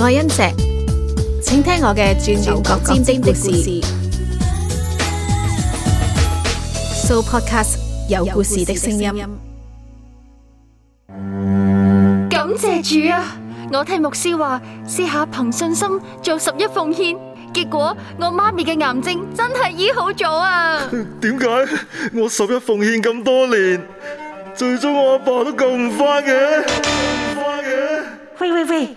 愛恩石，請聽我嘅轉轉角尖尖的故事。So podcast 有故事的聲音。感謝主啊！我聽牧師話，試下憑信心做十一奉獻，結果我媽咪嘅癌症真係醫好咗啊！點解我十一奉獻咁多年，最終我阿爸都救唔翻嘅？救唔翻嘅？喂喂喂！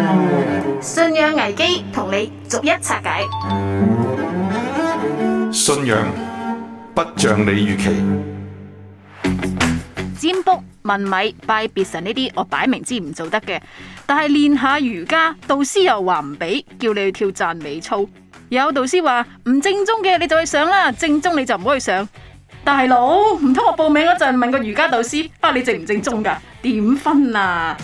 信仰危機同你逐一拆解。信仰不像你預期。占卜、問米、拜別神呢啲，我擺明知唔做得嘅。但係練下瑜伽，導師又話唔俾，叫你去跳讚美操。有，有導師話唔正宗嘅，你就去上啦；正宗你就唔好去上。大佬，唔通我報名嗰陣問個瑜伽導師，啊你正唔正宗噶？點分啊？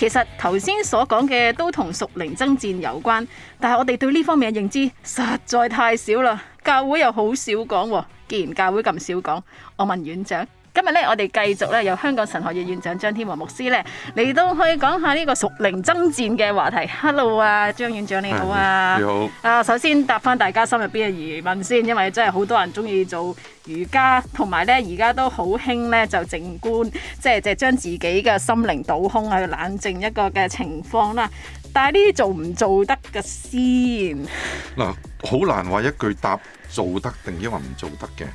其實頭先所講嘅都同屬靈爭戰有關，但係我哋對這方面嘅認知實在太少啦。教會又好少講。既然教會咁少講，我問院長。今日咧，我哋繼續咧，由香港神學院院長張天和牧師咧嚟到去講下呢個屬靈爭戰嘅話題。Hello 啊，張院長你好啊，嗯、你好。啊，首先答翻大家心入邊嘅疑問先，因為真係好多人中意做瑜伽，同埋咧而家都好興咧就靜觀，即係即係將自己嘅心靈倒空去冷靜一個嘅情況啦。但係呢啲做唔做得嘅先？嗱、啊，好難話一句答做得定，因為唔做得嘅。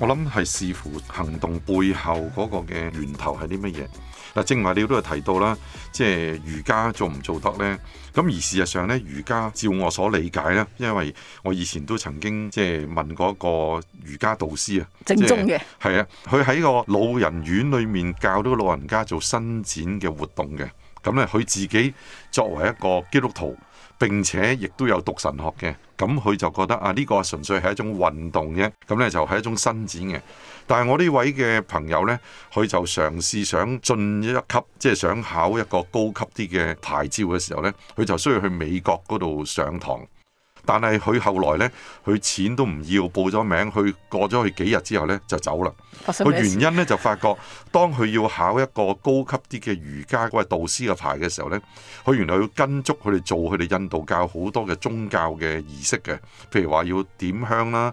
我諗係視乎行動背後嗰個嘅源頭係啲乜嘢？嗱，正話你都係提到啦，即係瑜伽做唔做得呢？咁而事實上呢，瑜伽照我所理解呢，因為我以前都曾經即係問過一個瑜伽導師啊，正宗嘅係啊，佢喺個老人院裏面教到老人家做伸展嘅活動嘅。咁咧，佢自己作為一個基督徒。並且亦都有讀神學嘅，咁佢就覺得啊呢個純粹係一種運動啫，咁呢就係一種伸展嘅。但係我呢位嘅朋友呢，佢就嘗試想進一級，即係想考一個高級啲嘅牌照嘅時候呢，佢就需要去美國嗰度上堂。但係佢後來呢，佢錢都唔要，報咗名去過咗佢幾日之後呢，就走啦。個原因呢，就發覺，當佢要考一個高級啲嘅瑜伽嗰個導師嘅牌嘅時候呢，佢原來要跟足佢哋做佢哋印度教好多嘅宗教嘅儀式嘅，譬如話要點香啦，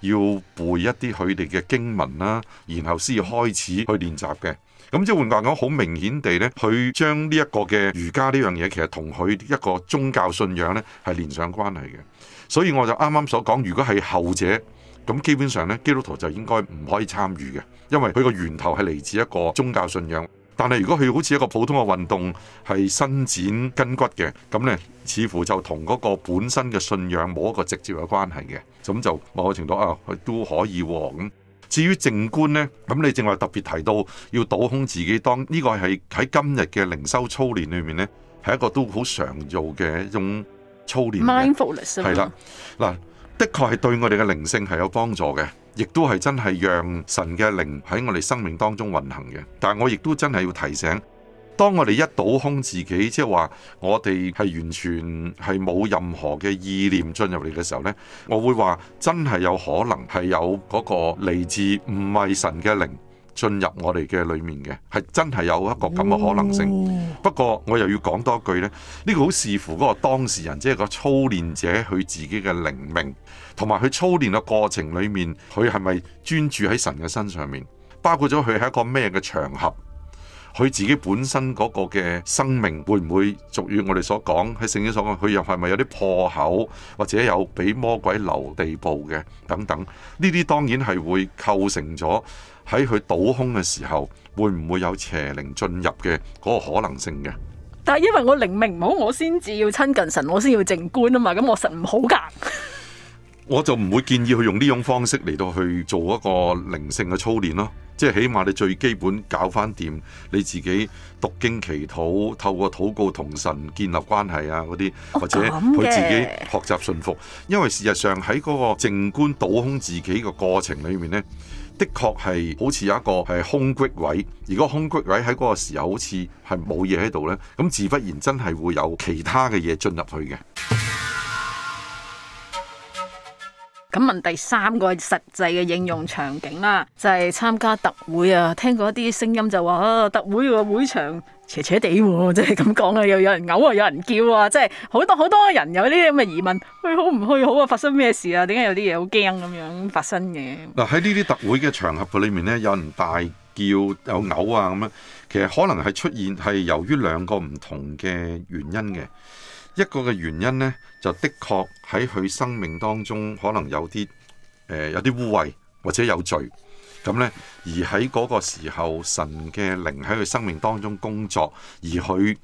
要背一啲佢哋嘅經文啦，然後先要開始去練習嘅。咁即係換句話講，好明顯地呢，佢將呢一個嘅瑜伽呢樣嘢，其實同佢一個宗教信仰呢係連上關係嘅。所以我就啱啱所講，如果係後者，咁基本上呢，基督徒就應該唔可以參與嘅，因為佢個源頭係嚟自一個宗教信仰。但係如果佢好似一個普通嘅運動，係伸展筋骨嘅，咁呢似乎就同嗰個本身嘅信仰冇一個直接嘅關係嘅。咁就某個程度啊，佢都可以喎咁。至於靜觀呢，咁你正話特別提到要倒空自己，當，當、這、呢個係喺今日嘅靈修操練裏面呢，係一個都好常做嘅一種操練 mindfulness 係啦，嗱，的確係對我哋嘅靈性係有幫助嘅，亦都係真係讓神嘅靈喺我哋生命當中運行嘅。但係我亦都真係要提醒。當我哋一倒空自己，即係話我哋係完全係冇任何嘅意念進入嚟嘅時候呢，我會話真係有可能係有嗰個嚟自唔係神嘅靈進入我哋嘅裡面嘅，係真係有一個咁嘅可能性。不過我又要講多句呢，呢個好視乎嗰個當事人，即係個操練者佢自己嘅靈命，同埋佢操練嘅過程裡面，佢係咪專注喺神嘅身上面，包括咗佢係一個咩嘅場合。佢自己本身嗰個嘅生命會唔會屬於我哋所講喺聖經所講，佢又係咪有啲破口或者有俾魔鬼留地步嘅等等？呢啲當然係會構成咗喺佢倒空嘅時候，會唔會有邪靈進入嘅嗰個可能性嘅？但係因為我靈命唔好，我先至要親近神，我先要靜觀啊嘛，咁我神唔好噶。我就唔會建議佢用呢種方式嚟到去做一個靈性嘅操練咯，即係起碼你最基本搞翻掂你自己讀經祈禱，透過禱告同神建立關係啊嗰啲，或者佢自己學習信服。哦、因為事實上喺嗰個靜觀倒空自己嘅過程裏面呢，的確係好似有一個係空缺位，而個空缺位喺嗰個時候好似係冇嘢喺度呢。咁自不然真係會有其他嘅嘢進入去嘅。咁問第三個實際嘅應用場景啦，就係、是、參加特會啊，聽過一啲聲音就話啊，特會個會場斜斜地喎，即係咁講啊，又有，有人嘔啊，有人叫啊，即係好多好多人有呢啲咁嘅疑問，喂，好唔去好啊？發生咩事啊？點解有啲嘢好驚咁樣發生嘅？嗱，喺呢啲特會嘅場合裏面咧，有人大叫有嘔啊咁樣，其實可能係出現係由於兩個唔同嘅原因嘅。一個嘅原因呢，就的確喺佢生命當中可能有啲誒、呃、有啲污穢或者有罪，咁呢而喺嗰個時候神嘅靈喺佢生命當中工作，而佢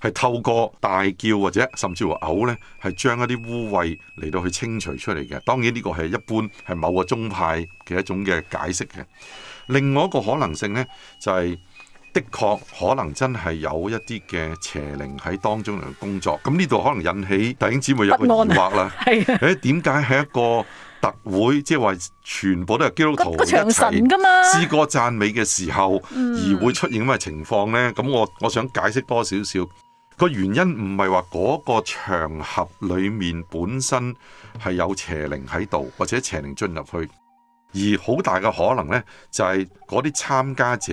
係透過大叫或者甚至乎嘔呢係將一啲污穢嚟到去清除出嚟嘅。當然呢個係一般係某個宗派嘅一種嘅解釋嘅。另外一個可能性呢，就係、是。的確可能真係有一啲嘅邪靈喺當中嚟工作，咁呢度可能引起弟兄姊妹有一個疑惑啦。係誒，點解係一個特會，即係話全部都係基督徒嚟一齊嘛？詩歌讚美嘅時候而會出現咁嘅情況咧？咁我我想解釋多少少個原因，唔係話嗰個場合裡面本身係有邪靈喺度，或者邪靈進入去，而好大嘅可能咧，就係嗰啲參加者。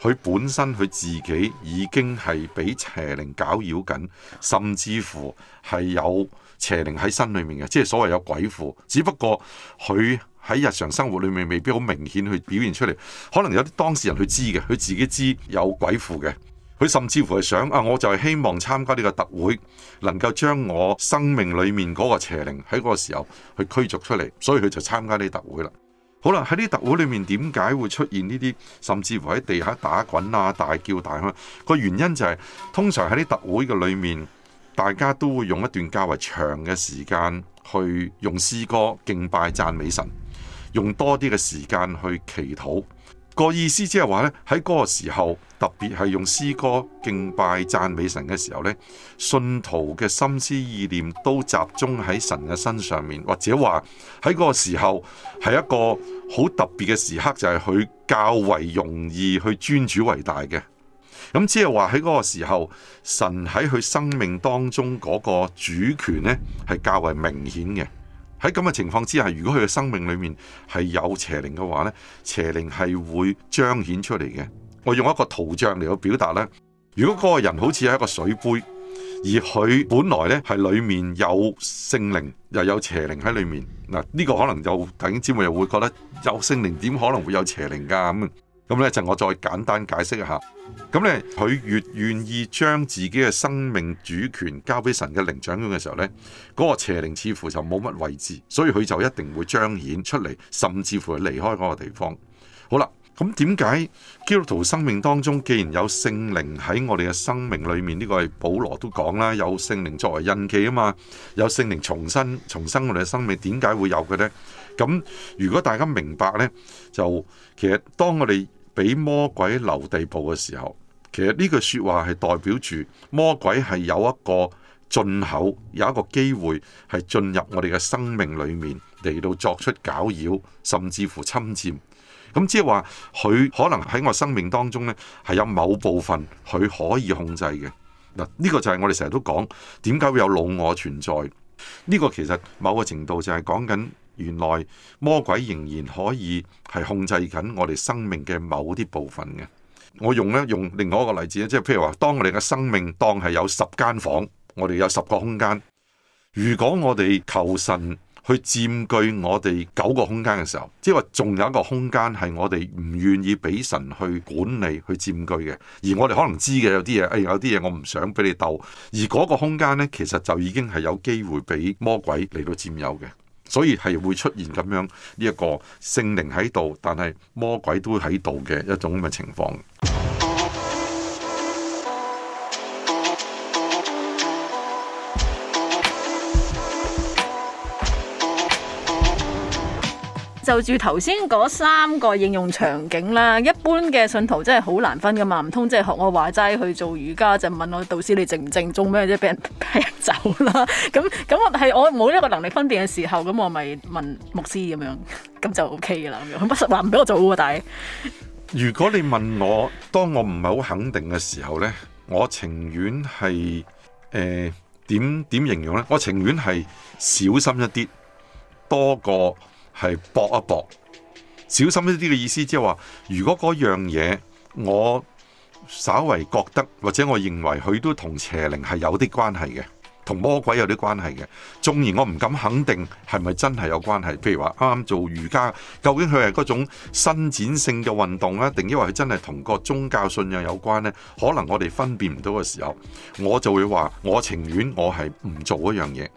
佢本身佢自己已經係俾邪靈攪擾緊，甚至乎係有邪靈喺身裏面嘅，即係所謂有鬼附。只不過，佢喺日常生活裏面未必好明顯去表現出嚟，可能有啲當事人佢知嘅，佢自己知有鬼附嘅。佢甚至乎係想啊，我就係希望參加呢個特會，能夠將我生命裏面嗰個邪靈喺嗰個時候去驅逐出嚟，所以佢就參加呢特會啦。好啦，喺啲特會裏面，點解會出現呢啲，甚至乎喺地下打滾啊、大叫大喊？個原因就係、是，通常喺啲特會嘅裏面，大家都會用一段較為長嘅時間，去用詩歌敬拜讚美神，用多啲嘅時間去祈禱。個意思即係話呢，喺嗰個時候，特別係用詩歌敬拜讚美神嘅時候呢，信徒嘅心思意念都集中喺神嘅身上面，或者話喺嗰個時候係一個好特別嘅時刻，就係佢較為容易去尊主為大嘅。咁即係話喺嗰個時候，神喺佢生命當中嗰個主權呢，係較為明顯嘅。喺咁嘅情況之下，如果佢嘅生命裏面係有邪靈嘅話呢，邪靈係會彰顯出嚟嘅。我用一個圖像嚟去表達咧，如果嗰個人好似係一個水杯，而佢本來呢係裡面有聖靈又有邪靈喺裡面，嗱、這、呢個可能又頭先詹偉又會覺得有聖靈點可能會有邪靈㗎咁。咁咧就我再簡單解釋一下，咁咧佢越願意將自己嘅生命主權交俾神嘅靈掌管嘅時候咧，嗰個邪靈似乎就冇乜位置，所以佢就一定會彰顯出嚟，甚至乎係離開嗰個地方。好啦，咁點解基督徒生命當中既然有聖靈喺我哋嘅生命裡面？呢個係保羅都講啦，有聖靈作為印記啊嘛，有聖靈重新，重生我哋嘅生命，點解會有嘅咧？咁如果大家明白咧，就其實當我哋。俾魔鬼留地步嘅時候，其實呢句説話係代表住魔鬼係有一個進口，有一個機會係進入我哋嘅生命裡面嚟到作出攪擾，甚至乎侵佔。咁即係話佢可能喺我生命當中呢，係有某部分佢可以控制嘅。嗱，呢個就係我哋成日都講點解會有老我存在？呢個其實某個程度就係講緊。原來魔鬼仍然可以係控制緊我哋生命嘅某啲部分嘅。我用咧用另外一個例子咧，即係譬如話，當我哋嘅生命當係有十間房，我哋有十個空間。如果我哋求神去佔據我哋九個空間嘅時候，即係話仲有一個空間係我哋唔願意俾神去管理去佔據嘅。而我哋可能知嘅有啲嘢，誒、哎、有啲嘢我唔想俾你鬥。而嗰個空間呢，其實就已經係有機會俾魔鬼嚟到佔有嘅。所以係會出現咁樣呢一個聖靈喺度，但係魔鬼都喺度嘅一種咁嘅情況。就住頭先嗰三個應用場景啦，一般嘅信徒真係好難分噶嘛，唔通即係學我話齋去做瑜伽就問我導師你正唔正宗咩？啫？即係俾人踢走啦。咁咁係我冇一個能力分辨嘅時候，咁我咪問牧師咁樣，咁就 O K 噶啦。咁不實話唔俾我做喎，但係如果你問我，當我唔係好肯定嘅時候呢，我情願係誒點點形容呢？我情願係小心一啲多過。係搏一搏，小心一啲嘅意思，即係話，如果嗰樣嘢我稍為覺得或者我認為佢都同邪靈係有啲關係嘅，同魔鬼有啲關係嘅，縱然我唔敢肯定係咪真係有關係，譬如話啱啱做瑜伽，究竟佢係嗰種伸展性嘅運動呢，定因為佢真係同個宗教信仰有關呢？可能我哋分辨唔到嘅時候，我就會話，我情願我係唔做一樣嘢。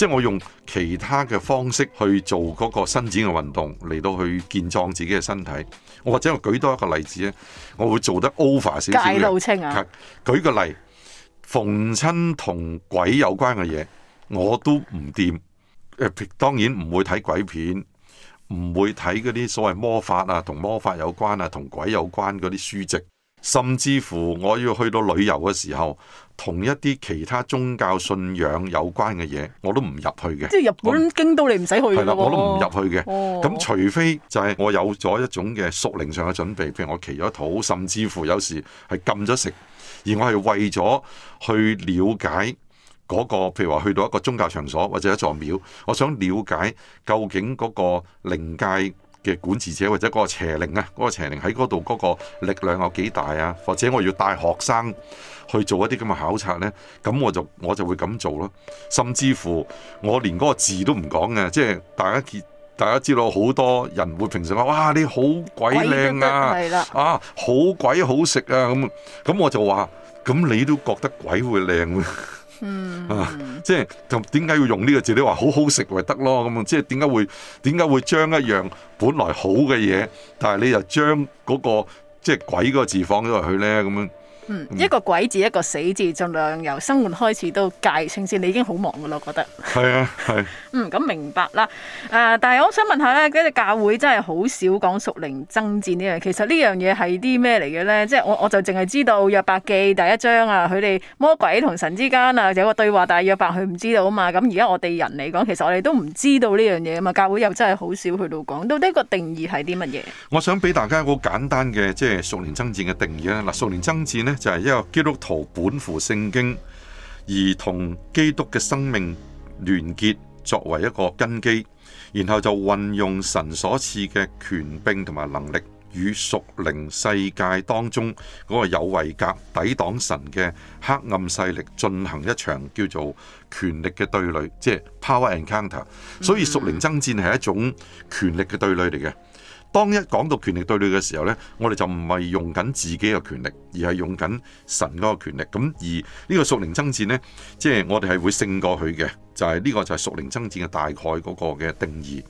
即係我用其他嘅方式去做嗰個伸展嘅運動嚟到去健壯自己嘅身體，或者我舉多一個例子咧，我會做得 over 少少嘅。介、啊、舉，舉個例，逢親同鬼有關嘅嘢我都唔掂，誒，當然唔會睇鬼片，唔會睇嗰啲所謂魔法啊，同魔法有關啊，同鬼有關嗰啲書籍。甚至乎我要去到旅遊嘅時候，同一啲其他宗教信仰有關嘅嘢，我都唔入去嘅。即係日本不京都你唔使去，啊，你唔使去嘅。係啦，我都唔入去嘅。咁、哦、除非就係我有咗一種嘅屬靈上嘅準備，譬如我祈咗禱，甚至乎有時係禁咗食，而我係為咗去了解嗰，嗰個譬如話去到一個宗教場所或者一座廟，我想了解究竟嗰個靈界，嘅管治者或者嗰個邪靈啊，嗰個邪靈喺嗰度嗰個力量有幾大啊？或者我要帶學生去做一啲咁嘅考察呢，咁我就我就會咁做咯。甚至乎我連嗰個字都唔講嘅，即係大家結，大家知道好多人會平時話哇，你好鬼靚啊，啊好鬼好食啊咁，咁我就話，咁你都覺得鬼會靚啊。嗯，即係同點解要用呢個字？你話好好食咪得咯，咁啊，即係點解會點解會將一樣本來好嘅嘢，但係你又將、那個、就將、是、嗰個即係鬼個字放咗落去咧，咁樣？嗯嗯、一個鬼字，一個死字，盡量由生活開始到戒清先。你已經好忙噶啦，我覺得。係啊，係。嗯，咁明白啦。誒、呃，但係我想問下呢，嗰隻教會真係好少講屬靈爭戰呢樣。其實呢樣嘢係啲咩嚟嘅呢？即、就、係、是、我我就淨係知道約伯記第一章啊，佢哋魔鬼同神之間啊有個對話，但係約伯佢唔知道啊嘛。咁而家我哋人嚟講，其實我哋都唔知道呢樣嘢啊嘛。教會又真係好少去到講到呢個定義係啲乜嘢。我想俾大家一個簡單嘅即係屬靈爭戰嘅定義啊。嗱，屬靈爭戰呢。就係一個基督徒本乎聖經，而同基督嘅生命連結作為一個根基，然後就運用神所賜嘅權柄同埋能力，與屬靈世界當中嗰個有位格抵擋神嘅黑暗勢力，進行一場叫做權力嘅對壘，即係 Power Encounter。所以屬靈爭戰係一種權力嘅對壘嚟嘅。當一講到權力對立嘅時候呢，我哋就唔係用緊自己嘅權力，而係用緊神嗰個權力。咁而呢個屬靈爭戰呢，即係我哋係會勝過佢嘅。就係呢個就係屬靈爭戰嘅大概嗰個嘅定義，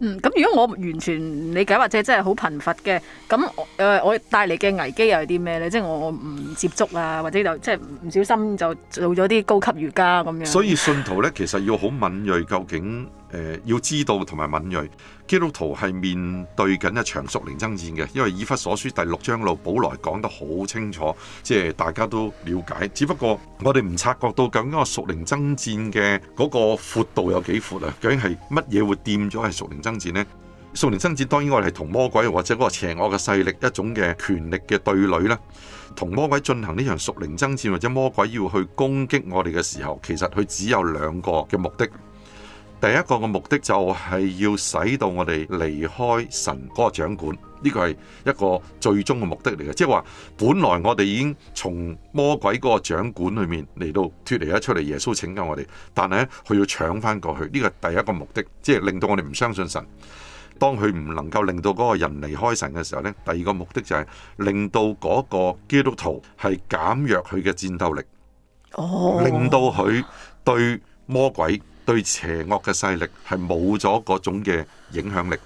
嗯。咁如果我完全唔理解，或者真係好貧乏嘅，咁誒，我帶嚟嘅危機又係啲咩呢？即係我唔接觸啊，或者就即係唔小心就做咗啲高級瑜伽咁樣。所以信徒呢，其實要好敏銳，究竟。呃、要知道同埋敏銳，基督徒係面對緊一場屬靈爭戰嘅，因為以弗所書第六章路保來講得好清楚，即係大家都了解。只不過我哋唔察覺到究竟個屬靈爭戰嘅嗰個闊度有幾闊啊？究竟係乜嘢會掂咗係屬靈爭戰呢？屬靈爭戰當然我哋係同魔鬼或者嗰個邪惡嘅勢力一種嘅權力嘅對壘啦。同魔鬼進行呢場屬靈爭戰，或者魔鬼要去攻擊我哋嘅時候，其實佢只有兩個嘅目的。第一個嘅目的就係要使到我哋離開神嗰個掌管，呢個係一個最終嘅目的嚟嘅，即係話本來我哋已經從魔鬼嗰個掌管裏面嚟到脫離咗出嚟，耶穌拯救我哋，但係咧佢要搶翻過去，呢個第一個目的，即係令到我哋唔相信神。當佢唔能夠令到嗰個人離開神嘅時候，呢第二個目的就係令到嗰個基督徒係減弱佢嘅戰鬥力，令到佢對魔鬼。對邪惡嘅勢力係冇咗嗰種嘅影響力，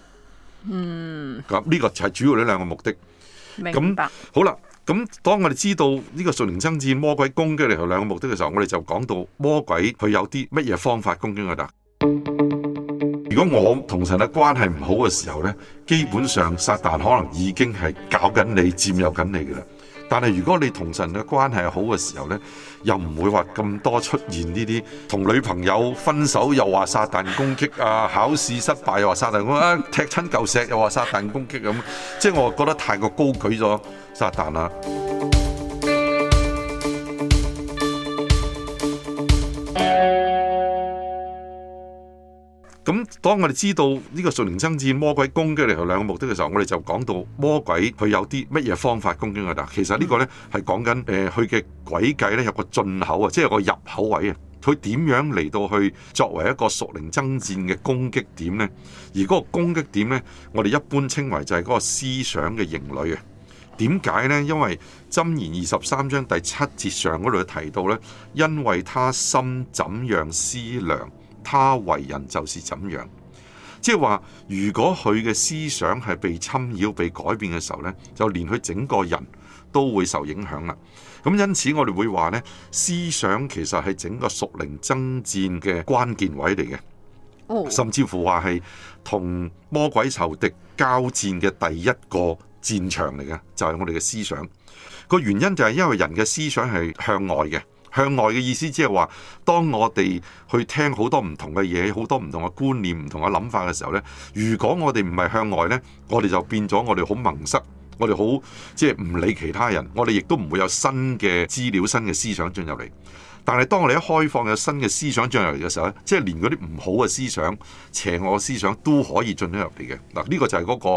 嗯，咁呢個就係主要呢兩個目的。明白。好啦，咁當我哋知道呢個屬靈爭戰魔鬼攻擊你係兩個目的嘅時候，我哋就講到魔鬼佢有啲乜嘢方法攻擊我哋啦。如果我同神嘅關係唔好嘅時候呢，基本上撒旦可能已經係搞緊你，佔有緊你嘅啦。但係如果你同神嘅關係好嘅時候呢，又唔會話咁多出現呢啲同女朋友分手又話撒旦攻擊啊，考試失敗又話撒旦攻擊啊，踢親嚿石又話撒旦攻擊咁，即係我覺得太過高舉咗撒旦啦。咁當我哋知道呢個屬靈爭戰魔鬼攻擊嘅兩個目的嘅時候，我哋就講到魔鬼佢有啲乜嘢方法攻擊佢啦。其實呢個呢係講緊誒佢嘅詭計呢有個進口啊，即係有個入口位啊。佢點樣嚟到去作為一個屬靈爭戰嘅攻擊點呢？而嗰個攻擊點呢，我哋一般稱為就係嗰個思想嘅營壘啊。點解呢？因為《箴言23》二十三章第七節上嗰度提到呢，因為他心怎樣思量。他為人就是怎樣，即係話，如果佢嘅思想係被侵擾、被改變嘅時候呢，就連佢整個人都會受影響啦。咁因此我說，我哋會話呢，思想其實係整個屬靈爭戰嘅關鍵位嚟嘅，oh. 甚至乎話係同魔鬼仇敵交戰嘅第一個戰場嚟嘅，就係、是、我哋嘅思想。個原因就係因為人嘅思想係向外嘅。向外嘅意思，即係話，當我哋去聽好多唔同嘅嘢，好多唔同嘅觀念、唔同嘅諗法嘅時候呢，如果我哋唔係向外呢，我哋就變咗我哋好蒙塞，我哋好即係唔理其他人，我哋亦都唔會有新嘅資料、新嘅思想進入嚟。但係當我哋一開放有新嘅思想進入嚟嘅時候咧，即係連嗰啲唔好嘅思想、邪惡嘅思想都可以進得入嚟嘅。嗱，呢個就係嗰個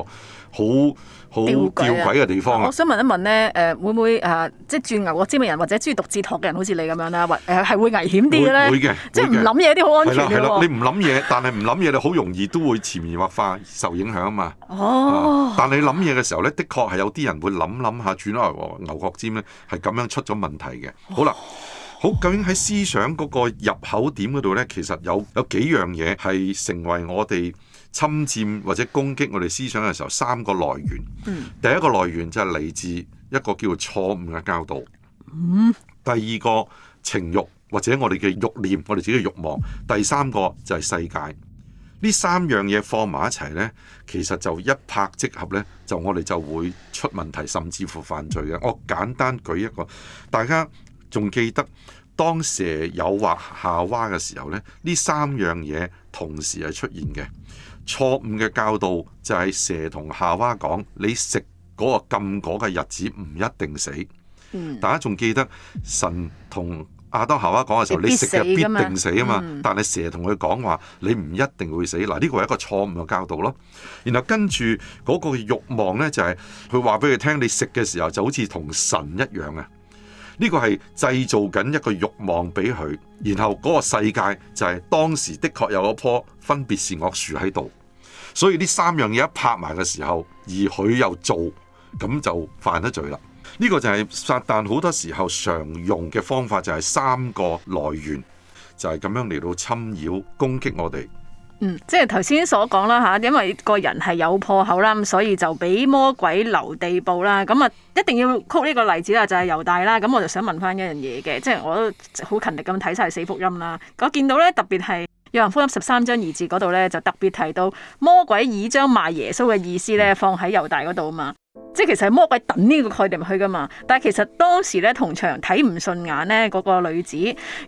好好吊詭嘅地方。我想問一問咧，誒會唔會誒即係鑽牛角尖嘅人，或者鍾意讀哲學嘅人，好似你咁樣啦，或誒係會危險啲咧？會嘅，即係唔諗嘢啲好安全嘅喎。你唔諗嘢， 但係唔諗嘢，你好容易都會潛移默化受影響啊嘛。哦，但係你諗嘢嘅時候咧，的確係有啲人會諗諗下，轉落嚟牛角尖咧，係咁樣出咗問題嘅。好啦。哦好，究竟喺思想嗰個入口點嗰度呢？其實有有幾樣嘢係成為我哋侵占或者攻擊我哋思想嘅時候，三個來源。嗯，第一個來源就係嚟自一個叫做錯誤嘅教導。嗯，第二個情欲或者我哋嘅欲念，我哋自己嘅欲望。第三個就係世界。呢三樣嘢放埋一齊呢，其實就一拍即合呢，就我哋就會出問題，甚至乎犯罪嘅。我簡單舉一個，大家仲記得？當蛇誘惑夏娃嘅時候咧，呢三樣嘢同時係出現嘅。錯誤嘅教導就係蛇同夏娃講：你食嗰個禁果嘅日子唔一定死。嗯，大家仲記得神同亞當夏娃講嘅時候，你食嘅必定死啊嘛。嗯，但係蛇同佢講話：你唔一定會死。嗱，呢個係一個錯誤嘅教導咯。然後跟住嗰個欲望呢，就係佢話俾佢聽：你食嘅時候就好似同神一樣啊。呢個係製造緊一個欲望畀佢，然後嗰個世界就係當時的確有一棵分別是惡樹喺度，所以呢三樣嘢一拍埋嘅時候，而佢又做，咁就犯得罪啦。呢個就係撒旦好多時候常用嘅方法，就係、是、三個來源，就係、是、咁樣嚟到侵擾、攻擊我哋。嗯，即係頭先所講啦吓，因為個人係有破口啦，咁所以就俾魔鬼留地步啦。咁啊，一定要曲呢個例子啦，就係猶大啦。咁我就想問翻一樣嘢嘅，即係我都好勤力，咁睇晒四福音啦。我見到咧特別係《約翰福音》十三章二節嗰度咧，就特別提到魔鬼已將賣耶穌嘅意思咧放喺猶大嗰度啊嘛。即係其實是魔鬼等呢個概念，去噶嘛，但係其實當時咧，同場睇唔順眼咧，嗰個女子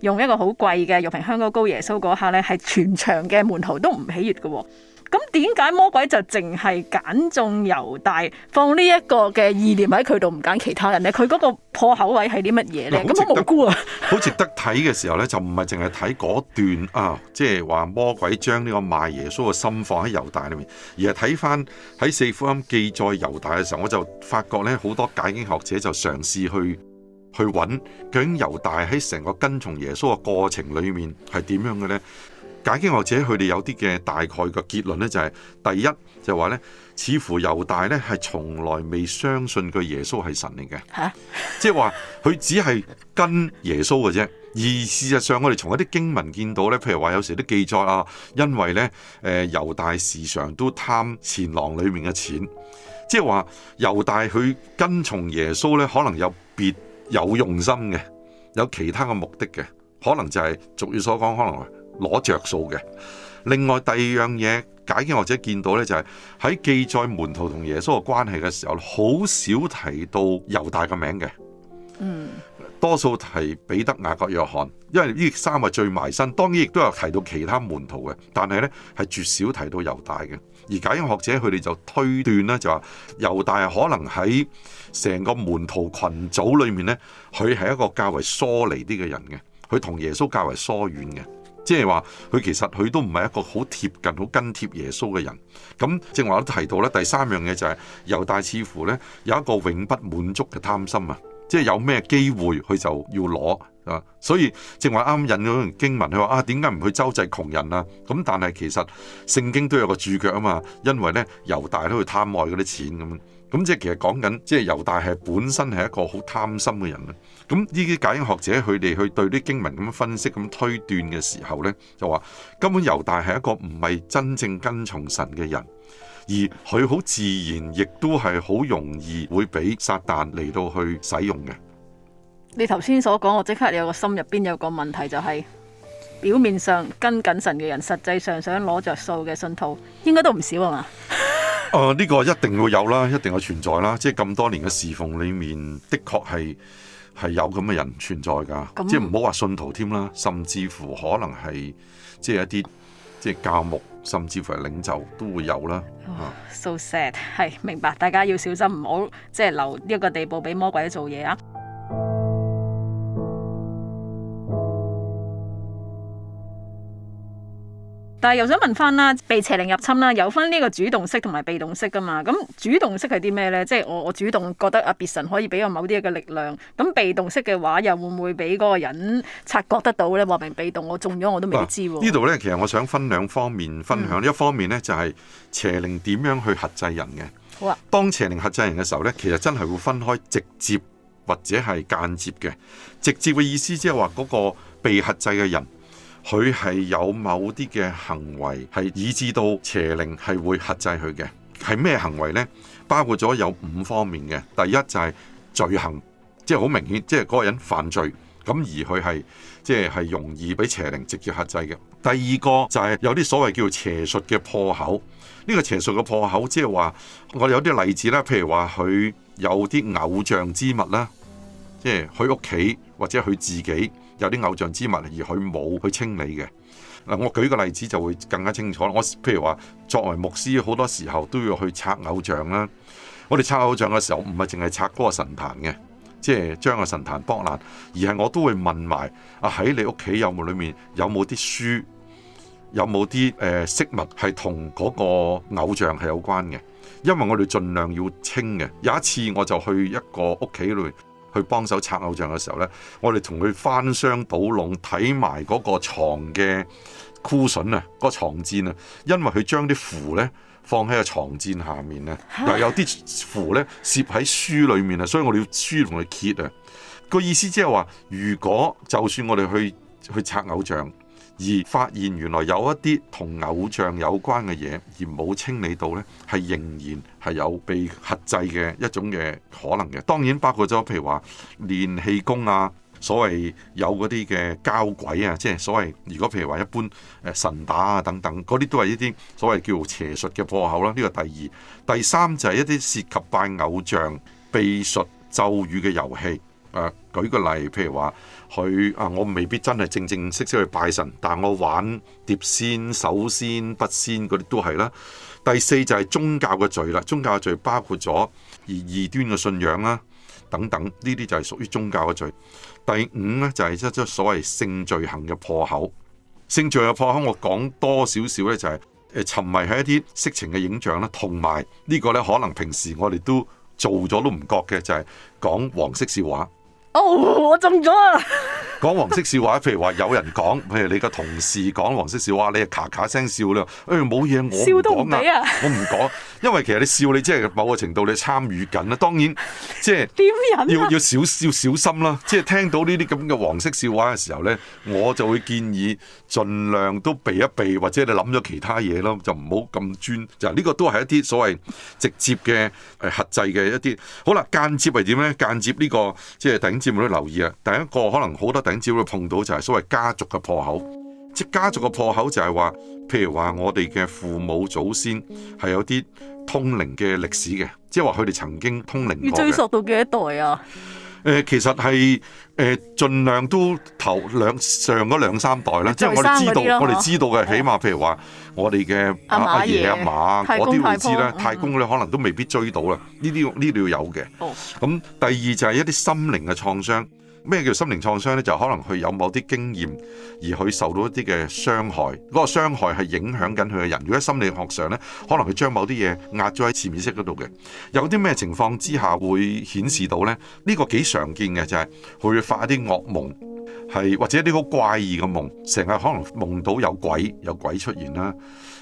用一個好貴嘅玉瓶香膏膏耶穌嗰刻咧，係全場嘅門徒都唔喜悅噶。咁點解魔鬼就淨係揀中猶大，放呢一個嘅意念喺佢度，唔揀其他人咧？佢嗰個破口位係啲乜嘢咧？咁無辜啊！好值得睇嘅時候咧，就唔係淨係睇嗰段啊，即係話魔鬼將呢個賣耶穌嘅心放喺猶大裏面，而係睇翻喺四福音記載猶大嘅時候，我就發覺咧，好多解經學者就嘗試去去揾，究竟猶大喺成個跟從耶穌嘅過程裏面係點樣嘅咧？解經學者佢哋有啲嘅大概嘅結論咧，就係第一就係話咧，似乎猶大咧係從來未相信佢耶穌係神嚟嘅，即係話佢只係跟耶穌嘅啫。而事實上，我哋從一啲經文見到咧，譬如話有時啲記載啊，因為咧誒、呃、猶大時常都貪錢囊裏面嘅錢，即係話猶大佢跟從耶穌咧，可能有別有用心嘅，有其他嘅目的嘅，可能就係俗語所講，可能，攞着數嘅。另外第二樣嘢，解經學者見到呢，就係喺記載門徒同耶穌嘅關係嘅時候，好少提到猶大嘅名嘅。嗯，多數提彼得、雅各、約翰，因為呢三個最埋身。當然亦都有提到其他門徒嘅，但係呢係絕少提到猶大嘅。而解經學者佢哋就推斷呢，就話猶大可能喺成個門徒群組裏面呢，佢係一個較為疏離啲嘅人嘅，佢同耶穌較為疏遠嘅。即係話佢其實佢都唔係一個好貼近好跟貼耶穌嘅人，咁正話我提到咧，第三樣嘢就係猶大似乎咧有一個永不滿足嘅貪心啊！即係有咩機會佢就要攞啊！所以正話啱引嗰段經文，佢話啊，點解唔去周濟窮人啊？咁但係其實聖經都有個注腳啊嘛，因為咧猶大都去貪愛嗰啲錢咁，咁即係其實講緊即係猶大係本身係一個好貪心嘅人咧。咁呢啲解經學者，佢哋去對啲經文咁分析、咁推斷嘅時候呢，就話根本猶大係一個唔係真正跟從神嘅人，而佢好自然，亦都係好容易會俾撒旦嚟到去使用嘅。你頭先所講，我即刻有個心入邊有個問題，就係表面上跟緊神嘅人，實際上想攞着數嘅信徒應該都唔少啊、 呃。嘛？呢個一定會有啦，一定係存在啦。即係咁多年嘅侍奉裏面，的確係。係有咁嘅人存在㗎，那即係唔好話信徒添啦，甚至乎可能係即係一啲即係教牧，甚至乎係領袖都會有啦。Oh, so sad，係、啊、明白，大家要小心不要，唔好即係留呢一個地步俾魔鬼做嘢啊！但係又想問翻啦，被邪靈入侵啦，有分呢個主動式同埋被動式噶嘛？咁主動式係啲咩呢？即係我我主動覺得啊，別神可以俾我某啲嘅力量。咁被動式嘅話，又會唔會俾嗰個人察覺得到呢？話明被動，我中咗我都未知啊。啊，呢度呢，其實我想分兩方面分享。嗯，一方面呢，就係邪靈點樣去克制人嘅。好啊。當邪靈克制人嘅時候呢，其實真係會分開直接或者係間接嘅。直接嘅意思即係話嗰個被克制嘅人。佢係有某啲嘅行為係以致到邪靈係會克制佢嘅，係咩行為呢？包括咗有五方面嘅。第一就係罪行，即係好明顯，即係嗰個人犯罪，咁而佢係即係係容易俾邪靈直接克制嘅。第二個就係有啲所謂叫做邪術嘅破口，呢個邪術嘅破口，即係話我哋有啲例子啦，譬如話佢有啲偶像之物啦，即係佢屋企或者佢自己，有啲偶像之物，而佢冇去清理嘅。嗱，我舉個例子就會更加清楚啦。我譬如話，作為牧師，好多時候都要去拆偶像啦。我哋拆偶像嘅時候，唔係淨係拆嗰個神壇嘅，即係將個神壇剝爛，而係我都會問埋啊喺你屋企有冇裡面有冇啲書，有冇啲誒飾物係同嗰個偶像係有關嘅，因為我哋盡量要清嘅。有一次我就去一個屋企裏，去幫手拆偶像嘅時候咧，我哋同佢翻箱倒籠，睇埋嗰個床嘅枯筍啊，個床墊啊，因為佢將啲符咧放喺個床墊下面咧，但係有啲符咧攝喺書裏面啊，所以我哋要書同佢揭啊。個意思即係話，如果就算我哋去去拆偶像。而發現原來有一啲同偶像有關嘅嘢，而冇清理到呢，係仍然係有被核制嘅一種嘅可能嘅。當然包括咗譬如話練氣功啊，所謂有嗰啲嘅交鬼啊，即係所謂如果譬如話一般神打啊等等，嗰啲都係一啲所謂叫邪術嘅破口啦。呢個第二，第三就係一啲涉及拜偶像、秘術、咒語嘅遊戲。誒、啊、舉個例，譬如話佢啊，我未必真係正正式式去拜神，但我玩碟仙、手仙、筆仙嗰啲都係啦。第四就係宗教嘅罪啦，宗教嘅罪包括咗而異端嘅信仰啦等等，呢啲就係屬於宗教嘅罪。第五呢，就係即所謂性罪行嘅破口，性罪行嘅破口我講多少少呢，就係沉迷喺一啲色情嘅影像啦，同埋呢個呢，可能平時我哋都做咗都唔覺嘅，就係、是、講黃色笑話。哦，我中招了！講黃色笑話，譬如話有人講，譬如你個同事講黃色笑話，你啊卡卡聲笑咧，誒冇嘢，我唔講、啊、我唔講，因為其實你笑你即係某個程度你參與緊啦，當然即係、啊、要要少小，小，小心啦，即係聽到呢啲咁嘅黃色笑話嘅時候咧，我就會建議盡量都避一避，或者你諗咗其他嘢咯，就唔好咁專，就、這、呢個都係一啲所謂直接嘅誒、欸、核制嘅一啲，好啦，間接係點咧？間接呢、這個即係大家節目都留意啊，第一個可能好得。頂尖咧碰到就係所謂家族嘅破口，即係家族嘅破口就係話，譬如話我哋嘅父母祖先係有啲通靈嘅歷史嘅，即係話佢哋曾經通靈。要追溯到幾多代啊？誒，其實係誒盡量都頭兩上嗰兩三代啦，即係我哋知道，我哋知道嘅起碼，譬如話我哋嘅阿爺阿媽嗰啲會知啦，爺太公你可能都未必追到啦。呢啲呢啲要有嘅。咁、哦、第二就係一啲心靈嘅創傷。咩叫心靈創傷呢？就可能佢有某啲經驗，而佢受到一啲嘅傷害，嗰個傷害係影響緊佢嘅人。如果心理學上呢，可能佢將某啲嘢壓咗喺潛意識嗰度嘅。有啲咩情況之下會顯示到呢？呢個幾常見嘅就係、係、佢會發一啲惡夢，或者啲好怪異嘅夢，成日可能夢到有鬼，有鬼出現啦。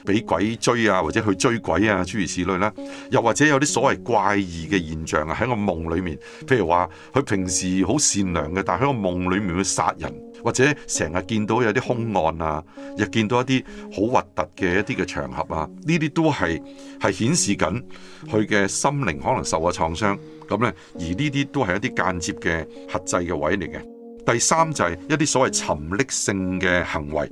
俾鬼追啊，或者去追鬼啊，諸如此類啦。又或者有啲所謂怪異嘅現象啊，喺個夢裏面。譬如話佢平時好善良嘅，但喺個夢裏面會殺人，或者成日見到有啲凶案啊，又見到一啲好核突嘅一啲嘅場合啊。呢啲都係係顯示緊佢嘅心靈可能受過創傷。咁呢。而呢啲都係一啲間接嘅核制嘅位嚟嘅。第三就係一啲所謂沉溺性嘅行為。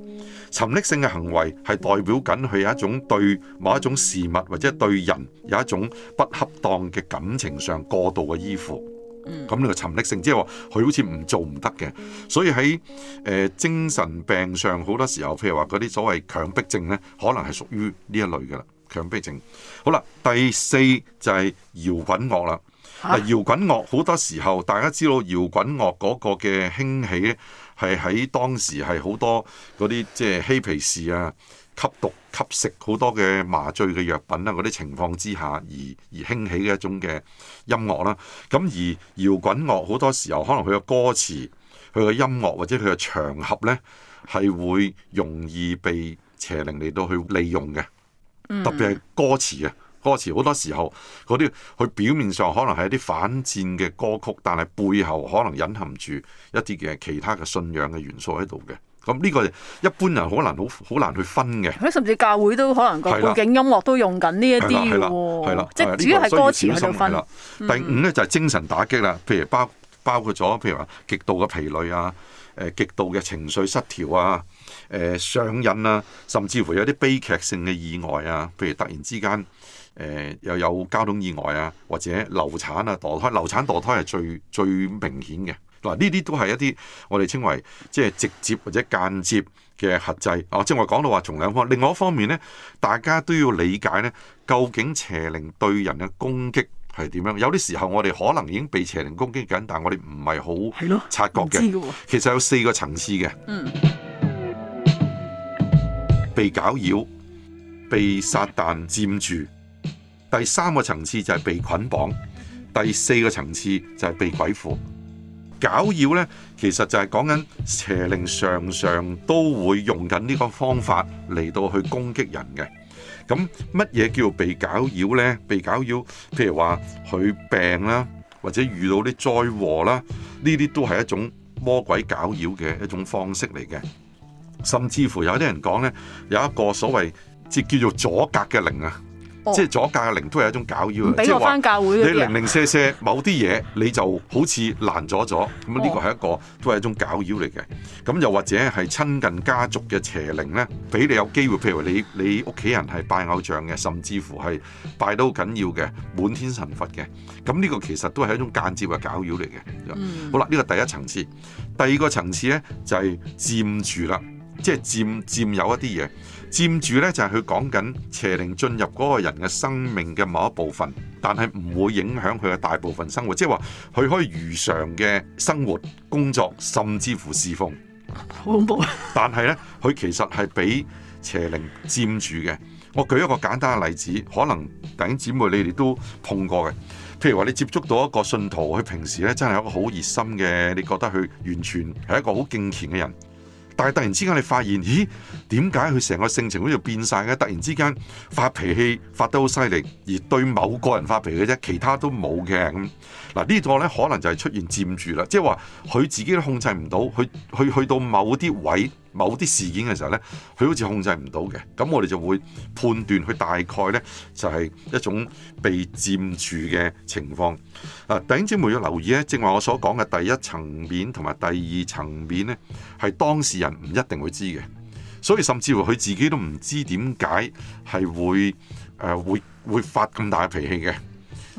沉溺性嘅行為係代表緊佢有一種對某一種事物或者對人有一種不恰當嘅感情上過度嘅依附，咁呢個沉溺性即係話佢好似唔做唔得嘅。所以喺精神病上好多時候，譬如話嗰啲所謂強迫症呢，可能係屬於呢一類嘅啦。強迫症好啦，第四就係搖滾樂啦。嗱，搖滾樂好多時候大家知道搖滾樂嗰個嘅興起咧。係喺當時係好多嗰啲即係嬉皮士啊、吸毒、吸食好多嘅麻醉嘅藥品啊，嗰啲情況之下而而興起嘅一種嘅音樂啦。咁而搖滾樂好多時候可能佢嘅歌詞、佢嘅音樂或者佢嘅場合呢，係會容易被邪靈嚟到去利用嘅，特別係歌詞啊。歌詞好多時候，嗰啲佢表面上可能係一啲反戰嘅歌曲，但係背後可能隱含住一啲嘅其他嘅信仰嘅元素喺度嘅。咁呢個一般人好難好好難去分嘅。咁甚至教會都可能個背景音樂都用緊呢一啲喎。係啦，即主要係歌詞喺度分。的嗯、第五咧就係、是、精神打擊啦，譬如包包括咗譬如話極度嘅疲累啊，誒、呃、極度嘅情緒失調啊，誒、呃、上癮啊，甚至乎有啲悲劇性嘅意外啊，譬如突然之間。誒又、呃、有交通意外啊，或者流產啊、墮胎，流產墮胎係最最明顯嘅。嗱，呢啲都係一啲我哋稱為即係直接或者間接嘅核制哦。即係我講到話從兩方面，另外一方面呢，大家都要理解呢，究竟邪靈對人嘅攻擊係點樣？有啲時候我哋可能已經被邪靈攻擊緊，但我哋唔係好察覺嘅。其實有四個層次嘅。嗯、被攪擾，被撒旦佔住。第三個層次就係被捆綁，第四個層次就係被鬼附。攪擾呢，其實就係講緊邪靈常常都會用緊呢個方法嚟到去攻擊人嘅。咁乜嘢叫被攪擾呢？被攪擾譬如話佢病啦，或者遇到啲災禍啦，呢啲都係一種魔鬼攪擾嘅一種方式嚟嘅。甚至乎有啲人講呢，有一個所謂即叫做阻隔嘅靈啊。哦、即係左隔嘅靈都係一種攪擾。教會的即係話你零零舍舍某啲嘢，你就好似爛咗咗咁，呢個係一個都係一種攪擾嚟嘅。咁又或者係親近家族嘅邪靈咧，俾你有機會，譬如你你屋企人係拜偶像嘅，甚至乎係拜得好緊要嘅滿天神佛嘅。咁呢個其實都係一種間接嘅攪擾嚟嘅。嗯、好啦，呢個第一層次，第二個層次咧就係、是、佔住啦，即係佔佔有一啲嘢。佔住呢就係佢講緊邪靈進入嗰個人嘅生命嘅某一部分，但係唔會影響佢嘅大部分生活，即係話佢可以如常嘅生活、工作，甚至乎侍奉。好恐怖啊！但係呢，佢其實係俾邪靈佔住嘅。我舉一個簡單嘅例子，可能弟兄姊妹你哋都碰過嘅，譬如話你接觸到一個信徒，佢平時呢真係一個好熱心嘅，你覺得佢完全係一個好敬虔嘅人。但係突然之間，你發現，咦，點解佢成個性情好似變晒嘅？突然之間發脾氣，發得好犀利，而對某個人發脾氣啫，其他都冇嘅咁嗱。啊，這個、呢個咧可能就係出現佔住啦，即係話佢自己都控制唔到，佢去去到某啲位，某啲事件嘅時候呢，佢好似控制唔到嘅，咁我哋就會判斷佢大概呢就係、是、一種被佔住嘅情況。啊，頂子冇要留意呢，正話我所講嘅第一層面同埋第二層面呢，係當事人唔一定會知嘅，所以甚至乎佢自己都唔知點解係會誒、呃、會會發咁大嘅脾氣嘅，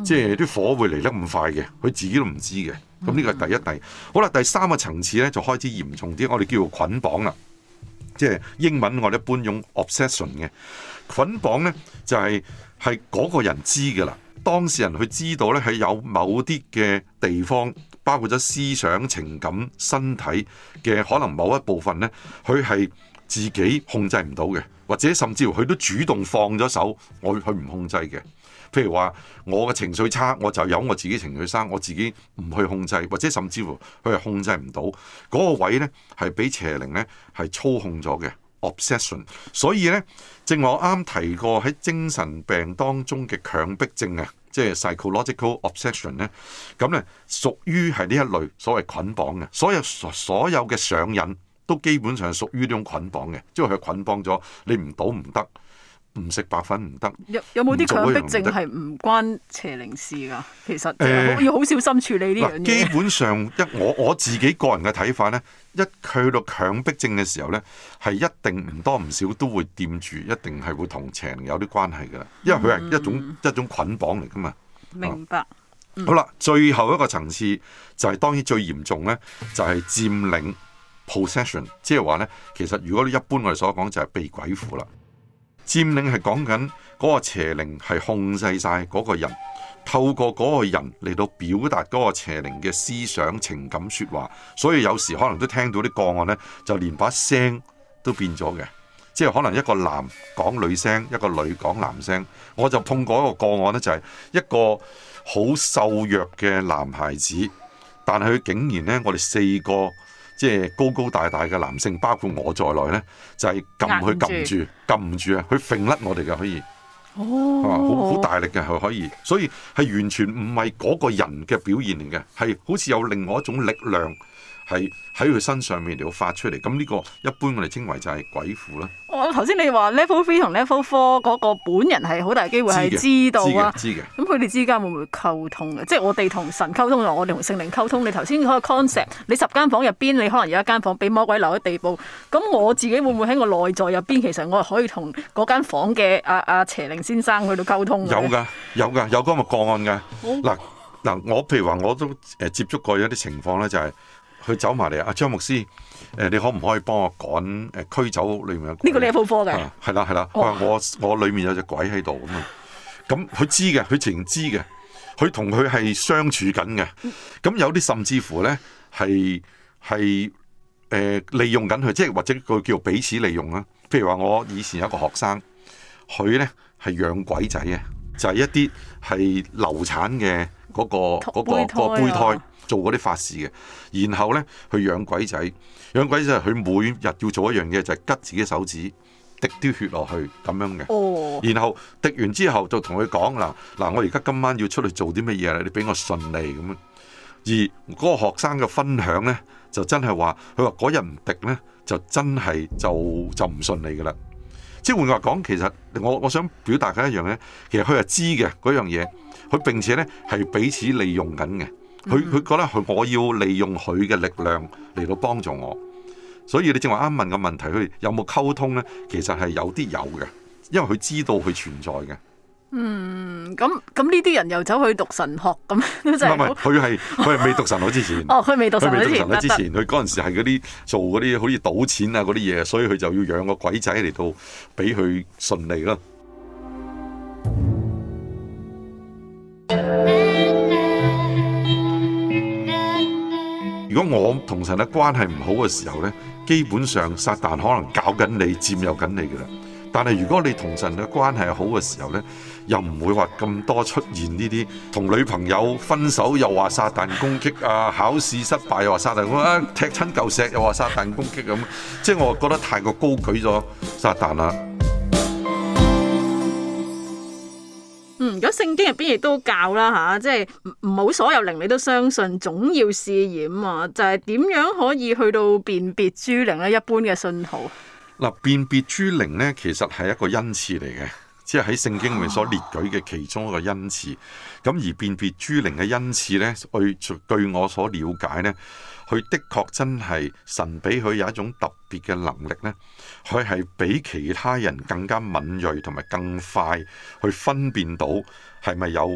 即係啲火會嚟得咁快嘅，佢自己都唔知嘅。咁呢個係第一、第二，好啦，第三個層次咧就開始嚴重啲，我哋叫做捆綁啦，即係英文我哋一般用 obsession 嘅捆綁咧，就係係嗰個人知噶啦，當事人佢知道咧係有某啲嘅地方，包括咗思想、情感、身體嘅可能某一部分咧，佢係自己控制唔到嘅，或者甚至乎佢都主動放咗手，我佢唔控制嘅。譬如話，我嘅情緒差，我就有我自己情緒差，我自己唔去控制，或者甚至乎佢係控制唔到嗰個位呢係俾邪靈呢係操控咗嘅 obsession。所以呢，正如我啱提過喺精神病當中嘅強迫症啊，即係 psychological obsession 呢，咁呢屬於係呢一類所謂捆綁嘅。所有所有嘅上癮都基本上屬於呢種捆綁嘅，即係佢捆綁咗你唔到唔得。唔食白粉唔得。有有冇啲強迫症係唔關邪靈事噶？其實要好小心處理呢樣嘢。呃、基本上一 我我自己個人嘅睇法咧，一去到強迫症嘅時候咧，係一定唔多唔少都會掂住，一定係會同邪靈有啲關係噶啦。因為佢係一種、嗯、一種捆綁嚟噶嘛。明白。啊嗯、好啦，最後一個層次就係、是、當然最嚴重咧，就係、是、佔領 possession，即係話咧，其實如果你一般我哋所講就係被鬼附啦。嗯佔領係講緊嗰個邪靈係控制晒嗰個人，透過嗰個人嚟到表達嗰個邪靈嘅思想、情感、説話，所以有時可能都聽到啲個案呢，就連把聲都變咗嘅，即係可能一個男講女聲，一個女講男聲。我就碰過一個個案呢，就係一個好瘦弱嘅男孩子，但係佢竟然呢，我哋四個。即係高高大大嘅男性，包括我在內咧，就係撳佢撳住、撳唔住啊！佢揈甩我哋嘅可以，好好、哦、大力嘅係可以，所以係完全唔係嗰個人嘅表現嚟嘅，係好似有另外一種力量。係喺佢身上面嚟到發出嚟，咁呢個一般我哋稱為就係鬼附啦。我頭先你話 Level three 同 Level four 嗰個本人係好大機會係知道的，知嘅。咁佢哋之間會唔會溝通啊？即係我哋同神溝通，我哋同聖靈溝通。你頭先嗰個 concept，你十間房入邊，你可能有一間房俾魔鬼留喺地步。咁我自己會唔會喺我內在入邊？其實我係可以同嗰間房嘅阿阿邪靈先生去到溝通有？有噶，有噶，有咁嘅個案噶。嗱嗱好，我譬如話我都誒接觸過一啲情況咧，就係、是。佢走埋嚟啊，阿張牧師，誒，你可唔可以幫我趕誒驅走裏面嘅，呢個你有科嘅，係啦係啦。佢話，oh. 我我裏面有隻鬼喺度咁啊！咁佢知嘅，佢情知嘅，佢同佢係相處緊嘅。咁有啲甚至乎咧，係係誒利用緊佢，即係或者佢叫彼此利用啊。譬如話我以前有一個學生，佢咧係養鬼仔嘅，就係、是，一啲係流產嘅。嗰個嗰個個胚胎做嗰啲法事嘅，然後呢去養鬼仔，養鬼仔佢每日要做一樣嘢，就係吉自己手指，滴啲血落去咁樣嘅。然後滴完之後就同佢講嗱，嗱，我而家今晚要出去做啲乜嘢咧？你俾我順利咁。而嗰個學生嘅分享呢，就真係話，佢話嗰日唔滴呢，就真係就就唔順利噶啦。即係換句話講，其實我我想表達嘅一樣咧，其實佢係知嘅嗰樣嘢，佢並且咧係彼此利用緊嘅。佢佢覺得佢我要利用佢嘅力量嚟到幫助我，所以你正話啱問嘅問題，佢有冇溝通咧？其實係有啲有嘅，因為佢知道佢存在嘅。嗯，咁咁呢啲人又走去讀神學咁，唔係唔係，佢係佢係未讀神學之前， 哦，佢未讀神學之前，佢嗰陣時係嗰啲做嗰啲好似賭錢啊嗰啲嘢，所以佢就要養個鬼仔嚟到俾佢順利咯。 如果我同神的關係唔好嘅時候咧，基本上撒旦可能搞緊你，佔有緊你噶啦。但係如果你同神嘅關係好嘅時候呢，又唔會話咁多出現呢啲同女朋友分手又話撒旦攻擊啊，考試失敗又話撒旦攻擊啊，踢親舊石又話撒旦攻擊咁，即係我覺得太過高舉咗撒旦啦。嗯，如果聖經入邊亦都教啦吓，即係唔好所有靈你都相信，總要試驗啊。就係點樣可以去到辨別諸靈呢？一般嘅信號。辨別諸靈呢，其實係一個恩賜嚟嘅，即係喺聖經裏面所列舉嘅其中一個恩賜。咁而辨別諸靈嘅恩賜呢，據據我所了解呢，佢的確真係神俾佢有一種特別嘅能力呢，佢係比其他人更加敏銳同埋更快去分辨到係咪有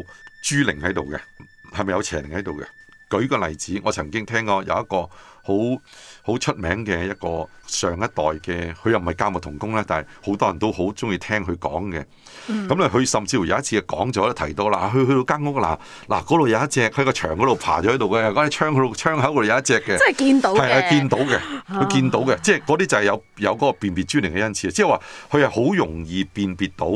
諸靈喺度嘅，係咪有邪靈喺度嘅。舉個例子，我曾經聽過有一個好好出名嘅一個上一代嘅，佢又唔係監牧同工咧，但係好多人都好中意聽佢講嘅。咁咧、嗯，佢甚至乎有一次嘅講咗咧，提到嗱，去去到間屋嗱嗱嗰度有一隻喺個牆嗰度爬咗喺度嘅，或窗窗口嗰度有一隻嘅，真係見到嘅，係啊，見到嘅，佢見到嘅，即係嗰啲就係有有嗰個辨別諸靈嘅恩賜，即係話佢係好容易辨別到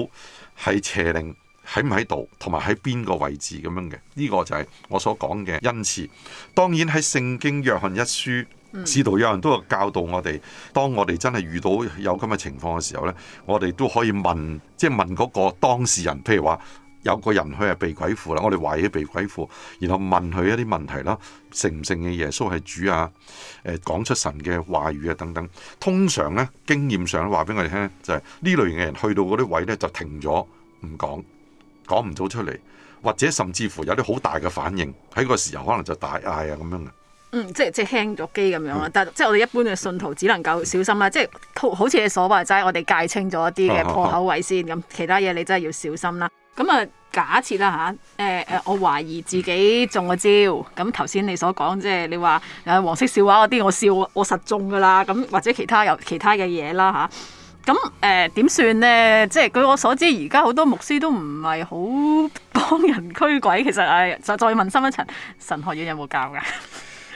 係邪靈喺唔喺度，同埋喺邊個位置咁樣嘅。呢、這個就係我所講嘅恩賜。當然喺聖經約翰一書。是度有人都有教導我哋，當我哋真係遇到有咁嘅情況嘅時候呢，我哋都可以問，即係問嗰個當事人，譬如話有個人佢係被鬼附啦，我哋懷疑被鬼附，然後問佢一啲問題啦，承唔承認耶穌係主啊？講講出神嘅話語啊，等等。通常呢，經驗上話話俾我哋聽就係呢類型嘅人去到嗰啲位呢，就停咗唔講，講唔到出嚟，或者甚至乎有啲好大嘅反應喺個時候可能就大嗌啊咁樣。嗯，即係即係輕咗機咁樣啦，但即係我哋一般嘅信徒只能夠小心啦。即係好似你所話齋，我哋戒清咗一啲嘅破口位先，咁其他嘢你真係要小心啦。咁啊，假設啦吓，誒、啊、誒、呃，我懷疑自己中個招，咁頭先你所講即係你話誒黃色笑話嗰啲，我笑我實中噶啦，咁或者其他有其他嘅嘢啦吓，咁誒點算咧？即係據我所知，而家好多牧師都唔係好幫人驅鬼，其實係再再問深一層，神學院有冇教㗎？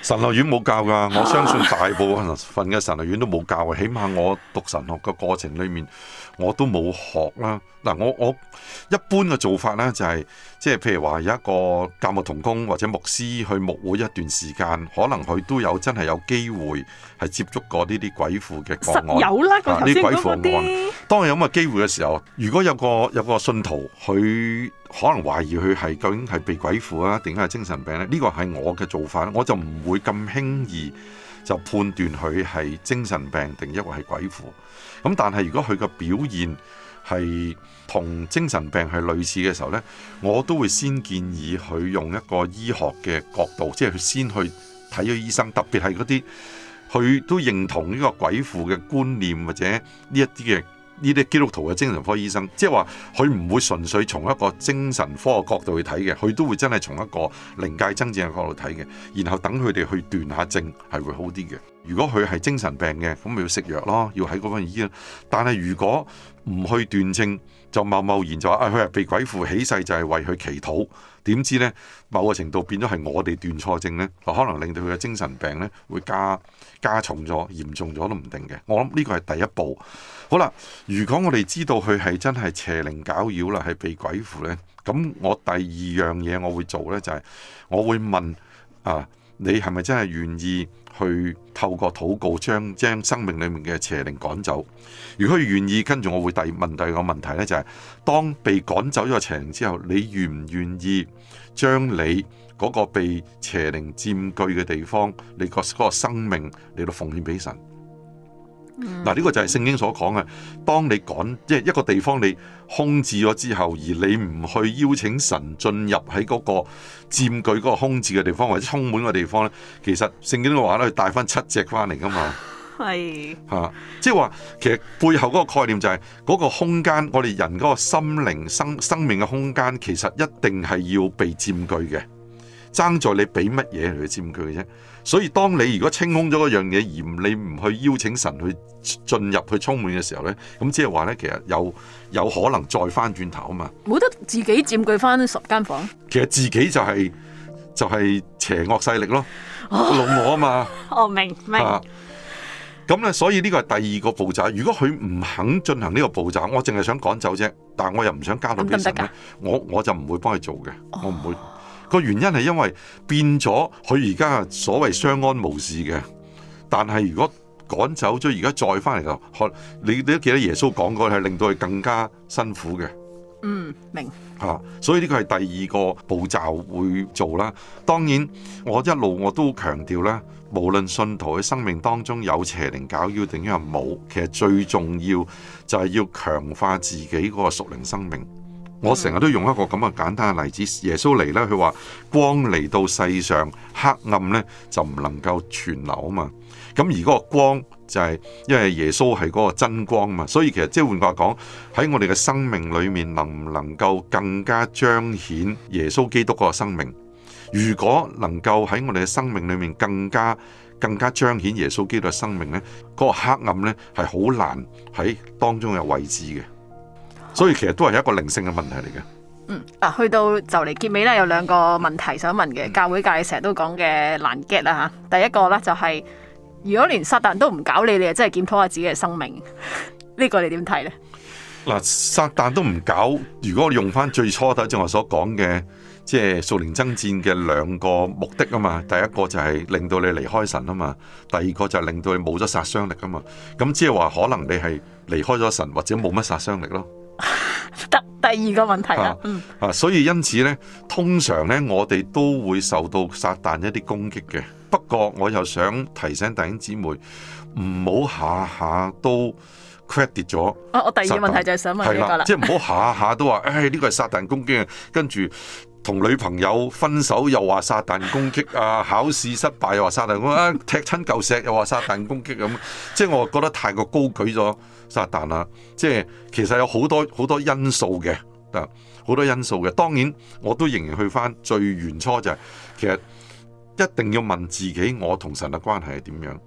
神學院冇教㗎，我相信大部分瞓嘅神學院都冇教，起碼我讀神學嘅過程裏面。我都冇學啦。嗱，我我一般嘅做法呢、就是，就係，即係譬如話有一個教牧同工或者牧師去牧會一段時間，可能佢都有真係有機會係接觸過呢啲鬼附嘅個案。有啦，鬼附嗰啲。些當有咁嘅機會嘅時候，如果有個有個信徒，佢可能懷疑佢係究竟係被鬼附啊，定係精神病呢？呢個係我嘅做法，我就唔會咁輕易就判斷佢係精神病定抑或係鬼父。咁但係如果佢嘅表現係同精神病係類似嘅時候呢，我都會先建議佢用一個醫學嘅角度，即係佢先去睇咗醫生，特別係嗰啲佢都認同呢個鬼父嘅觀念或者呢一啲嘅。呢啲基督徒嘅精神科醫生，即係話佢唔會純粹從一個精神科嘅角度去睇嘅，佢都會真係從一個靈界增正嘅角度睇嘅，然後等佢哋去斷下症係會好啲嘅。如果佢係精神病嘅，咁咪要食藥咯，要喺嗰份醫院。但係如果唔去斷症，就貿貿然就話啊，佢係被鬼附起誓，就係為佢祈禱。點知呢？某個程度變咗係我哋斷錯症呢，可能令到佢嘅精神病呢會加加重咗、嚴重咗都唔定嘅。我諗呢個係第一步。好啦，如果我哋知道佢係真係邪靈搞擾啦，係被鬼附呢，咁我第二樣嘢我會做呢，就係、係、我會問啊。你係咪真係願意去透過禱告將將生命裡面嘅邪靈趕走？如果願意，跟住我會第問第二個問題咧，就係，就係當被趕走咗邪靈之後，你願唔願意將你嗰個被邪靈佔據嘅地方，你個嗰個生命嚟到奉獻俾神？嗱，呢、嗯啊這個就係聖經所講嘅。當你趕，即係一個地方你空置咗之後，而你唔去邀請神進入喺嗰個佔據嗰個空置嘅地方，或者充滿嘅地方咧，其實聖經嘅話咧，佢帶翻七隻翻嚟噶嘛。係吓是、啊，即係話，其實背後嗰個概念就係、是、嗰、那個空間，我哋人嗰個心靈生生命嘅空間，其實一定係要被佔據嘅。爭在你俾乜嘢嚟去佔據嘅啫。所以，當你如果清空咗嗰樣嘢，而你唔去邀請神去進入去充滿嘅時候咧，咁即係話咧，其實有有可能再翻轉頭啊嘛。冇得自己佔據翻十間房。其實自己就係、是、就係、是、邪惡勢力咯，老、oh, 我啊嘛。哦，明明。咁咧、啊，所以呢個係第二個步驟。如果佢唔肯進行呢個步驟，我淨係想趕走啫，但我又唔想加到俾神、啊我，我我就唔會幫佢做嘅，我唔會。Oh. 個原因係因為變咗，佢而家所謂相安無事嘅。但係如果趕走咗，而家再翻嚟就，你你都記得耶穌講過，係令到佢更加辛苦嘅。嗯，明。嚇、啊，所以呢個係第二個步驟會做啦。當然，我一路我都強調啦，無論信徒喺生命當中有邪靈搞擾定係冇，其實最重要就係要強化自己嗰個屬靈生命。我成日都用一個咁嘅簡單嘅例子，耶穌嚟咧，佢話光嚟到世上，黑暗咧就唔能夠存留啊嘛。咁而嗰個光就係，因為耶穌係嗰個真光嘛，所以其實即係換句話講，喺我哋嘅生命裏面，能唔能夠更加彰顯耶穌基督嗰個生命？如果能夠喺我哋嘅生命裏面更加更加彰顯耶穌基督嘅生命咧，嗰個黑暗咧係好難喺當中有位置嘅。所以其實都係一個靈性嘅問題嚟嘅。嗯，嗱、啊，去到就嚟結尾啦，有兩個問題想問嘅。嗯、教會界成日都講嘅難 get 啦吓。第一個咧就係、是、如果連撒旦都唔搞你，你就真係檢討下自己嘅生命。呢、這個你點睇咧？嗱、啊，撒旦都唔搞，如果我用翻最初頭先我所講嘅，即係數年爭戰嘅兩個目的啊嘛。第一個就係令到你離開神啊嘛，第二個就係令到你冇咗殺傷力啊嘛。咁即係話可能你係離開咗神，或者冇乜殺傷力咯。第 第二個問題啊，嗯啊，所以因此咧，通常咧，我哋都會受到撒旦一啲攻擊嘅。不過我又想提醒弟兄姊妹，唔好下下都 credit 咗。啊，我第二個問題就係想問呢個啦，即係唔好下下都話，誒呢、 哎呢個係撒旦攻擊啊，跟住。同女朋友分手又話撒旦攻擊啊！考試失敗又話撒旦攻擊啊！踢親舊石又話撒旦攻擊咁，即係我覺得太過高舉咗撒旦啦。即係其實有好多好多因素嘅，啊，好多因素嘅。當然我都仍然去返最原初，就是，就係其實一定要問自己，我同神嘅關係係點樣？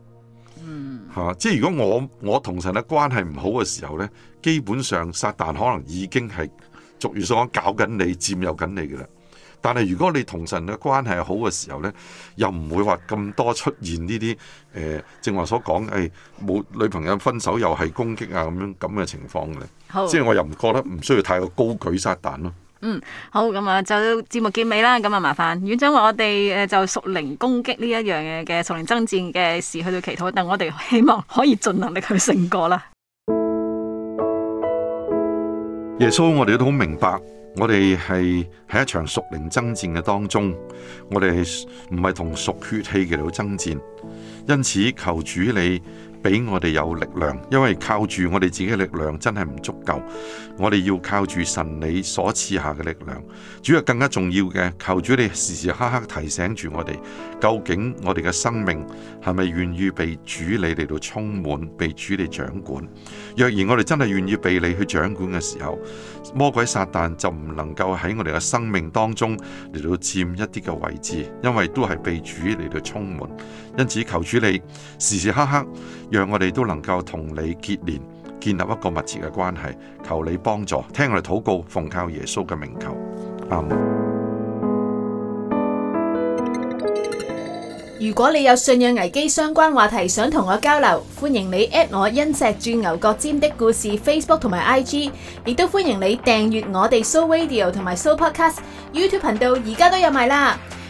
嚇，即係如果我我同神嘅關係唔好嘅時候呢，基本上撒旦可能已經係俗語所講搞緊你，佔有緊你嘅啦。但係如果你同神嘅關係好嘅時候呢，又唔會話咁多出現呢啲誒，正、呃、話所講，誒、哎、冇女朋友分手又係攻擊啊咁樣咁嘅情況嘅，即係好我又唔覺得唔需要太過高舉撒旦咯。嗯，好，咁啊就節目結尾啦，咁啊麻煩院長為我哋誒就屬靈攻擊呢一樣嘅嘅屬靈爭戰嘅事去到祈禱，但我哋希望可以盡能力去勝過啦。耶穌，我哋都好明白。我哋係喺一場屬靈爭戰嘅當中，我哋唔係同屬血氣嘅嚟到爭戰，因此求主你。俾我哋有力量，因為靠住我哋自己嘅力量真係唔足夠，我哋要靠住神你所賜下嘅力量。主要更加重要嘅，求主你時時刻刻提醒住我哋，究竟我哋嘅生命係咪願意被主你嚟到充滿，被主你掌管？若然我哋真係願意被你去掌管嘅時候，魔鬼撒旦就唔能夠喺我哋嘅生命當中嚟到佔一啲嘅位置，因為都係被主嚟到充滿。因此，求主你時時刻刻。讓我哋都能夠同你結連，建立一個密切嘅關係，求你幫助，聽我哋禱告，奉靠耶穌嘅名求。阿們。如果你有信仰危機相關話題想同我交流，歡迎你 at 我因石鑽牛角尖的故事 Facebook 同埋 IG，亦都歡迎你訂閱我哋 So Radio 同埋 So Podcast YouTube 頻道，而家都有埋啦。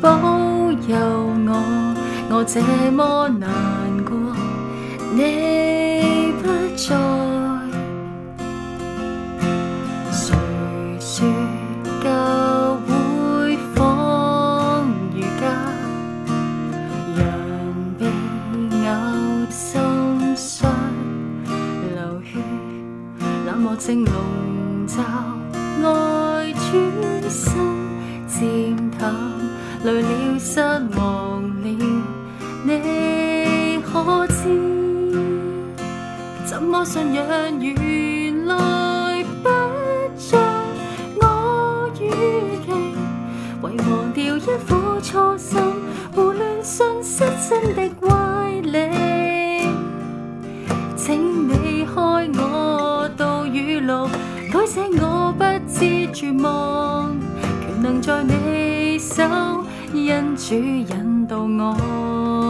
保佑我，我這麼難過，你不在。誰說舊會仿如假，讓被咬心傷流血，冷漠正籠罩，愛轉身漸淡。累了，失望了，你可知？怎麼信仰原來不像我預期？為忘掉一副錯心，胡亂信失真的歪理。請你開我道與路，改寫我不知絕望，權能在你。因主引導我。